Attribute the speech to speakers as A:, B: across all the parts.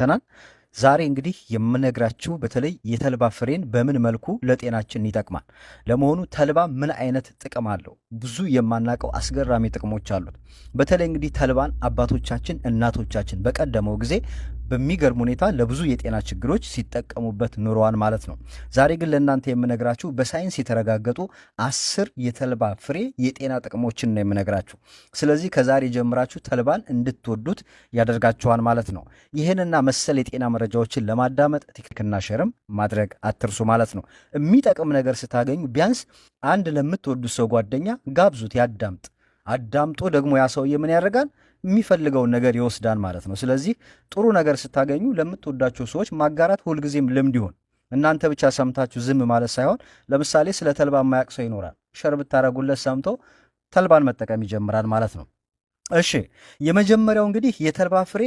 A: ተናል ዛሬ እንግዲህ የምነግራችሁ በተለይ የተልባ ፍሬን በምን መልኩ ለጤናችን ይጠቅማል። ለመሆኑ ተልባ ምን አይነት ጥቅም አለው? ብዙ የማናውቀው አስገራሚ ጥቅሞች አሉት። በተለይ እንግዲህ ተልባን አባቶቻችን፣ እናቶቻችን በቀደመው ጊዜ በሚገርም ሁኔታ ለብዙ የጤና ችግሮች ሲጠቀሙበት ኑረዋል ማለት ነው። ዛሬ ግን ለእናንተ የምነግራችሁ በሳይንስ የተረጋገጡ አስር የተልባ ፍሬ የጤና ጥቅሞችን ነው የምነግራችሁ። ስለዚህ ከዛሬ ጀምራችሁ ተልባን እንድትወዱት ያደርጋችኋል ማለት ነው። ይህንና መሰል የጤና መረጃዎችን ለማዳመጥ ቲክክና ሸርም ማድረግ አትርሱ ማለት ነው። የሚጠቅም ነገር ስታገኙ ቢያንስ አንድ ለምትወዱት ሰው ጓደኛ ጋብዙት፣ ያዳምጥ። አዳምጦ ደግሞ ያ ሰውዬ ምን ያደርጋል? የሚፈልገውን ነገር ይወስዳል ማለት ነው። ስለዚህ ጥሩ ነገር ስታገኙ ለምትወዳቸው ሰዎች ማጋራት ሁልጊዜም ልምድ ይሁን። እናንተ ብቻ ሰምታችሁ ዝም ማለት ሳይሆን፣ ለምሳሌ ስለ ተልባ የማያውቅ ሰው ይኖራል። ሸር ብታረጉለት ሰምቶ ተልባን መጠቀም ይጀምራል ማለት ነው። እሺ የመጀመሪያው እንግዲህ የተልባ ፍሬ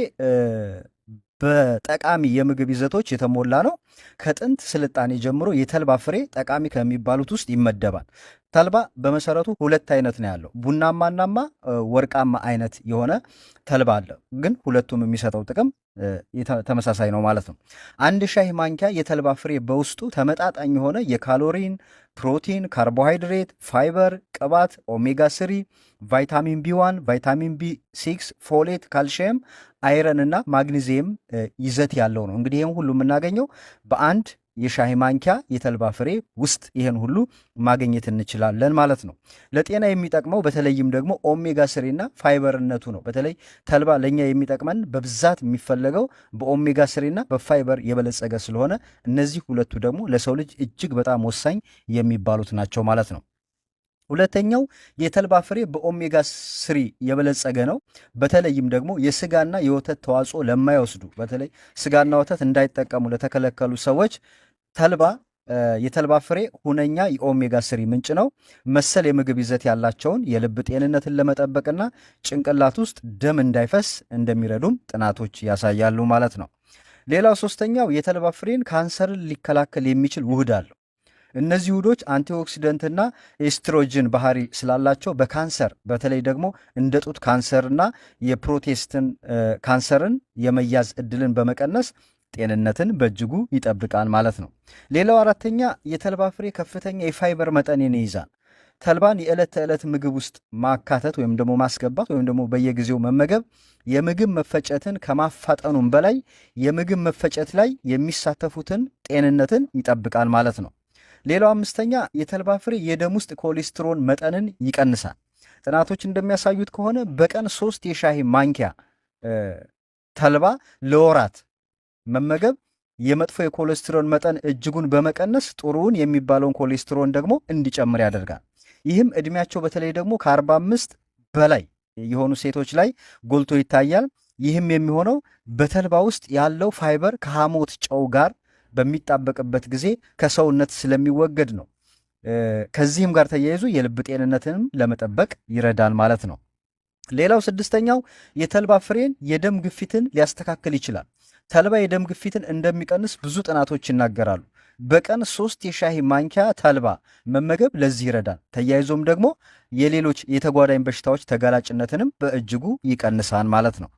A: በጠቃሚ የምግብ ይዘቶች የተሞላ ነው። ከጥንት ስልጣኔ ጀምሮ የተልባ ፍሬ ጠቃሚ ከሚባሉት ውስጥ ይመደባል። ተልባ በመሰረቱ ሁለት አይነት ነው ያለው። ቡናማናማ ወርቃማ አይነት የሆነ ተልባ አለ። ግን ሁለቱም የሚሰጠው ጥቅም ተመሳሳይ ነው ማለት ነው። አንድ ሻይ ማንኪያ የተልባ ፍሬ በውስጡ ተመጣጣኝ የሆነ የካሎሪን፣ ፕሮቲን፣ ካርቦሃይድሬት፣ ፋይበር፣ ቅባት፣ ኦሜጋ ስሪ፣ ቫይታሚን ቢ1፣ ቫይታሚን ቢ ሲክስ፣ ፎሌት፣ ካልሽየም፣ አይረን እና ማግኒዚየም ይዘት ያለው ነው። እንግዲህ ይህም ሁሉ የምናገኘው በአንድ የሻይ ማንኪያ የተልባ ፍሬ ውስጥ ይህን ሁሉ ማግኘት እንችላለን ማለት ነው። ለጤና የሚጠቅመው በተለይም ደግሞ ኦሜጋ ስሪና ፋይበርነቱ ነው። በተለይ ተልባ ለእኛ የሚጠቅመን በብዛት የሚፈለገው በኦሜጋ ስሪና በፋይበር የበለጸገ ስለሆነ እነዚህ ሁለቱ ደግሞ ለሰው ልጅ እጅግ በጣም ወሳኝ የሚባሉት ናቸው ማለት ነው። ሁለተኛው የተልባ ፍሬ በኦሜጋ ስሪ የበለጸገ ነው። በተለይም ደግሞ የስጋና የወተት ተዋጽኦ ለማይወስዱ በተለይ ስጋና ወተት እንዳይጠቀሙ ለተከለከሉ ሰዎች ተልባ የተልባ ፍሬ ሁነኛ የኦሜጋ ስሪ ምንጭ ነው። መሰል የምግብ ይዘት ያላቸውን የልብ ጤንነትን ለመጠበቅና ጭንቅላት ውስጥ ደም እንዳይፈስ እንደሚረዱም ጥናቶች ያሳያሉ ማለት ነው። ሌላው ሶስተኛው የተልባ ፍሬን ካንሰርን ሊከላከል የሚችል ውህድ አለው። እነዚህ ውህዶች አንቲኦክሲደንትና ኤስትሮጅን ባህሪ ስላላቸው በካንሰር በተለይ ደግሞ እንደ ጡት ካንሰርና የፕሮቴስትን ካንሰርን የመያዝ እድልን በመቀነስ ጤንነትን በእጅጉ ይጠብቃል ማለት ነው። ሌላው አራተኛ የተልባ ፍሬ ከፍተኛ የፋይበር መጠንን ይይዛል። ተልባን የዕለት ተዕለት ምግብ ውስጥ ማካተት ወይም ደግሞ ማስገባት ወይም ደግሞ በየጊዜው መመገብ የምግብ መፈጨትን ከማፋጠኑም በላይ የምግብ መፈጨት ላይ የሚሳተፉትን ጤንነትን ይጠብቃል ማለት ነው። ሌላው አምስተኛ የተልባ ፍሬ የደም ውስጥ ኮሌስትሮን መጠንን ይቀንሳል። ጥናቶች እንደሚያሳዩት ከሆነ በቀን ሶስት የሻይ ማንኪያ ተልባ ለወራት መመገብ የመጥፎ የኮሌስትሮል መጠን እጅጉን በመቀነስ ጥሩውን የሚባለውን ኮሌስትሮል ደግሞ እንዲጨምር ያደርጋል። ይህም እድሜያቸው በተለይ ደግሞ ከ45 በላይ የሆኑ ሴቶች ላይ ጎልቶ ይታያል። ይህም የሚሆነው በተልባ ውስጥ ያለው ፋይበር ከሐሞት ጨው ጋር በሚጣበቅበት ጊዜ ከሰውነት ስለሚወገድ ነው። ከዚህም ጋር ተያይዞ የልብ ጤንነትንም ለመጠበቅ ይረዳል ማለት ነው። ሌላው ስድስተኛው የተልባ ፍሬን የደም ግፊትን ሊያስተካክል ይችላል። ተልባ የደም ግፊትን እንደሚቀንስ ብዙ ጥናቶች ይናገራሉ። በቀን ሶስት የሻይ ማንኪያ ተልባ መመገብ ለዚህ ይረዳል። ተያይዞም ደግሞ የሌሎች የተጓዳኝ በሽታዎች ተጋላጭነትንም በእጅጉ ይቀንሳል ማለት ነው።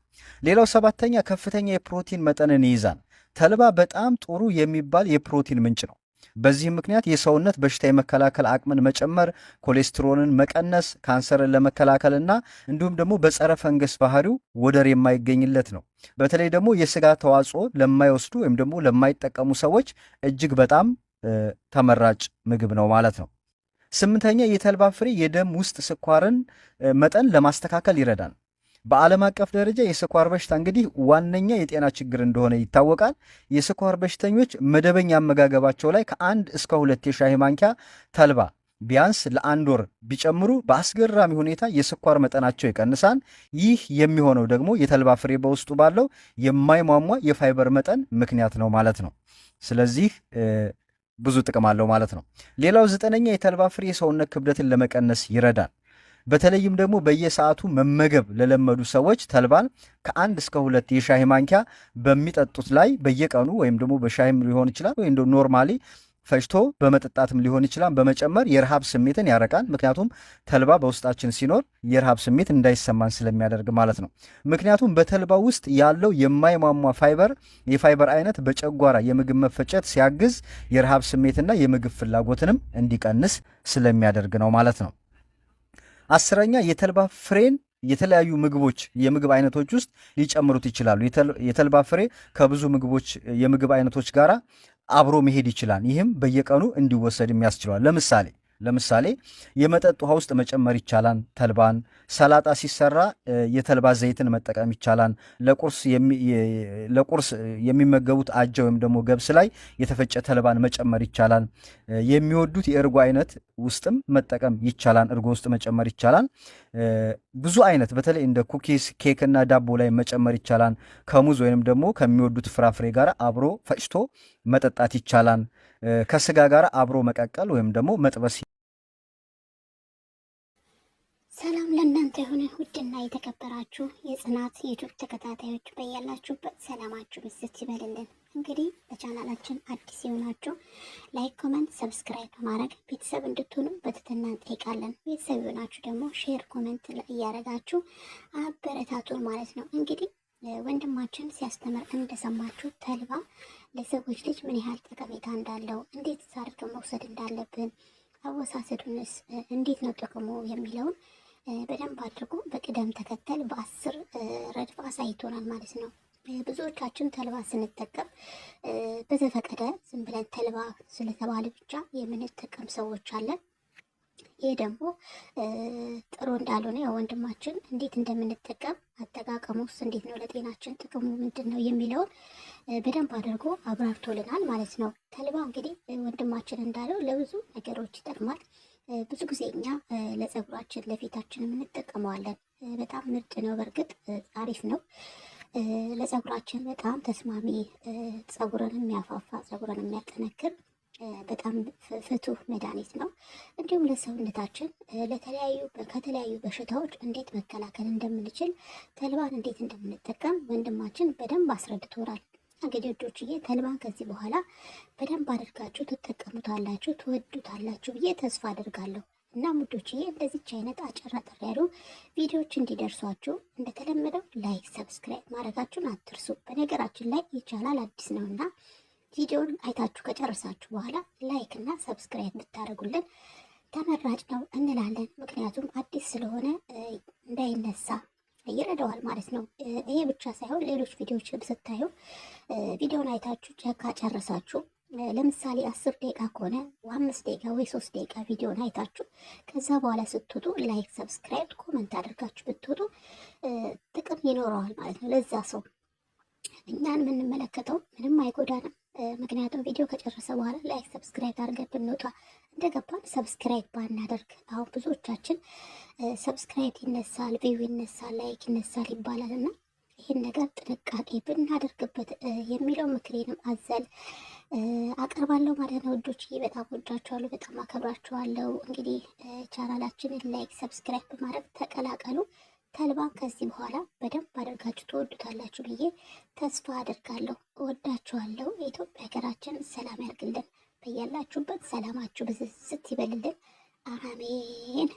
A: ሌላው ሰባተኛ ከፍተኛ የፕሮቲን መጠንን ይይዛል። ተልባ በጣም ጥሩ የሚባል የፕሮቲን ምንጭ ነው። በዚህም ምክንያት የሰውነት በሽታ የመከላከል አቅምን መጨመር፣ ኮሌስትሮልን መቀነስ፣ ካንሰርን ለመከላከልና እንዲሁም ደግሞ በጸረ ፈንገስ ባህሪው ወደር የማይገኝለት ነው። በተለይ ደግሞ የስጋ ተዋጽኦ ለማይወስዱ ወይም ደግሞ ለማይጠቀሙ ሰዎች እጅግ በጣም ተመራጭ ምግብ ነው ማለት ነው። ስምንተኛ የተልባ ፍሬ የደም ውስጥ ስኳርን መጠን ለማስተካከል ይረዳል። በዓለም አቀፍ ደረጃ የስኳር በሽታ እንግዲህ ዋነኛ የጤና ችግር እንደሆነ ይታወቃል። የስኳር በሽተኞች መደበኛ አመጋገባቸው ላይ ከአንድ እስከ ሁለት የሻይ ማንኪያ ተልባ ቢያንስ ለአንድ ወር ቢጨምሩ በአስገራሚ ሁኔታ የስኳር መጠናቸው ይቀንሳል። ይህ የሚሆነው ደግሞ የተልባ ፍሬ በውስጡ ባለው የማይሟሟ የፋይበር መጠን ምክንያት ነው ማለት ነው። ስለዚህ ብዙ ጥቅም አለው ማለት ነው። ሌላው ዘጠነኛ የተልባ ፍሬ የሰውነት ክብደትን ለመቀነስ ይረዳል። በተለይም ደግሞ በየሰዓቱ መመገብ ለለመዱ ሰዎች ተልባን ከአንድ እስከ ሁለት የሻይ ማንኪያ በሚጠጡት ላይ በየቀኑ ወይም ደግሞ በሻሂም ሊሆን ይችላል ወይም ኖርማሊ ፈጭቶ በመጠጣትም ሊሆን ይችላል በመጨመር የረሃብ ስሜትን ያረቃል። ምክንያቱም ተልባ በውስጣችን ሲኖር የረሃብ ስሜት እንዳይሰማን ስለሚያደርግ ማለት ነው። ምክንያቱም በተልባ ውስጥ ያለው የማይሟሟ ፋይበር የፋይበር አይነት በጨጓራ የምግብ መፈጨት ሲያግዝ የረሃብ ስሜትና የምግብ ፍላጎትንም እንዲቀንስ ስለሚያደርግ ነው ማለት ነው። አስረኛ የተልባ ፍሬን የተለያዩ ምግቦች የምግብ አይነቶች ውስጥ ሊጨምሩት ይችላሉ። የተልባ ፍሬ ከብዙ ምግቦች የምግብ አይነቶች ጋር አብሮ መሄድ ይችላል። ይህም በየቀኑ እንዲወሰድ የሚያስችለዋል። ለምሳሌ ለምሳሌ የመጠጥ ውሃ ውስጥ መጨመር ይቻላል ተልባን። ሰላጣ ሲሰራ የተልባ ዘይትን መጠቀም ይቻላል። ለቁርስ የሚመገቡት አጃ ወይም ደግሞ ገብስ ላይ የተፈጨ ተልባን መጨመር ይቻላል። የሚወዱት የእርጎ አይነት ውስጥም መጠቀም ይቻላል። እርጎ ውስጥ መጨመር ይቻላል። ብዙ አይነት በተለይ እንደ ኩኪስ፣ ኬክ እና ዳቦ ላይ መጨመር ይቻላል። ከሙዝ ወይንም ደግሞ ከሚወዱት ፍራፍሬ ጋር አብሮ ፈጭቶ መጠጣት ይቻላል። ከስጋ ጋር አብሮ መቀቀል ወይም ደግሞ መጥበስ
B: ሰላም ለእናንተ የሆነ ውድና የተከበራችሁ የጽናት ዩቱብ ተከታታዮች በያላችሁበት ሰላማችሁ ብዝት ይበልልን። እንግዲህ በቻናላችን አዲስ የሆናችሁ ላይክ፣ ኮመንት፣ ሰብስክራይብ በማድረግ ቤተሰብ እንድትሆኑ በትህትና እንጠይቃለን። ቤተሰብ የሆናችሁ ደግሞ ሼር፣ ኮመንት እያደረጋችሁ አበረታቱ ማለት ነው። እንግዲህ ወንድማችን ሲያስተምር እንደሰማችሁ ተልባ ለሰዎች ልጅ ምን ያህል ጠቀሜታ እንዳለው እንዴት አድርገን መውሰድ እንዳለብን አወሳሰዱንስ እንዴት ነው ጥቅሙ የሚለውን በደንብ አድርጎ በቅደም ተከተል በአስር ረድፍ አሳይቶናል ማለት ነው። ብዙዎቻችን ተልባ ስንጠቀም በተፈቀደ ዝም ብለን ተልባ ስለተባለ ብቻ የምንጠቀም ሰዎች አለን። ይህ ደግሞ ጥሩ እንዳልሆነ ያው ወንድማችን እንዴት እንደምንጠቀም አጠቃቀሙስ እንዴት ነው፣ ለጤናችን ጥቅሙ ምንድን ነው የሚለውን በደንብ አድርጎ አብራርቶልናል ማለት ነው። ተልባ እንግዲህ ወንድማችን እንዳለው ለብዙ ነገሮች ይጠቅማል። ብዙ ጊዜ እኛ ለፀጉራችን ለፊታችን እንጠቀመዋለን። በጣም ምርጥ ነው። በእርግጥ አሪፍ ነው ለፀጉራችን በጣም ተስማሚ፣ ፀጉርን የሚያፋፋ ፀጉርን የሚያጠነክር በጣም ፍቱህ መድኃኒት ነው። እንዲሁም ለሰውነታችን ለተለያዩ ከተለያዩ በሽታዎች እንዴት መከላከል እንደምንችል ተልባን እንዴት እንደምንጠቀም ወንድማችን በደንብ አስረድቶናል። ገጀዶችዬ ተልባ ከዚህ በኋላ በደንብ አድርጋችሁ ትጠቀሙታላችሁ፣ ትወዱታላችሁ ብዬ ተስፋ አድርጋለሁ። እና ሙዶችዬ እንደዚች አይነት አጭር አጠር ያሉ ቪዲዮዎች እንዲደርሷችሁ እንደተለመደው ላይክ፣ ሰብስክራይብ ማድረጋችሁን አትርሱ። በነገራችን ላይ ይቻላል አዲስ ነው እና ቪዲዮን አይታችሁ ከጨረሳችሁ በኋላ ላይክ እና ሰብስክራይብ ብታደርጉልን ተመራጭ ነው እንላለን። ምክንያቱም አዲስ ስለሆነ እንዳይነሳ ይረዳዋል ማለት ነው። ይሄ ብቻ ሳይሆን ሌሎች ቪዲዮዎች ስታዩ ቪዲዮን አይታችሁ ካጨረሳችሁ ለምሳሌ አስር ደቂቃ ከሆነ አምስት ደቂቃ ወይ ሶስት ደቂቃ ቪዲዮን አይታችሁ ከዛ በኋላ ስትወጡ ላይክ፣ ሰብስክራይብ፣ ኮመንት አድርጋችሁ ብትወጡ ጥቅም ይኖረዋል ማለት ነው ለዛ ሰው። እኛን የምንመለከተው ምንም አይጎዳንም። ምክንያቱም ቪዲዮ ከጨረሰ በኋላ ላይክ፣ ሰብስክራይብ አድርገን ብንወጣ እንደገባን ሰብስክራይብ ባናደርግ አሁን ብዙዎቻችን ሰብስክራይብ ይነሳል፣ ቪው ይነሳል፣ ላይክ ይነሳል ይባላል እና ይህን ነገር ጥንቃቄ ብናደርግበት የሚለው ምክሬንም አዘል አቀርባለሁ ማለት ነው። ውዶች በጣም ወዳችኋለሁ፣ በጣም አከብራችኋለሁ። እንግዲህ ቻናላችንን ላይክ፣ ሰብስክራይብ በማድረግ ተቀላቀሉ። ተልባን ከዚህ በኋላ በደንብ አድርጋችሁ ትወዱታላችሁ ብዬ ተስፋ አድርጋለሁ። ወዳችኋለሁ። የኢትዮጵያ ሀገራችን ሰላም ያርግልን። በያላችሁበት ሰላማችሁ ብዝዝት ይበልልን። አሜን።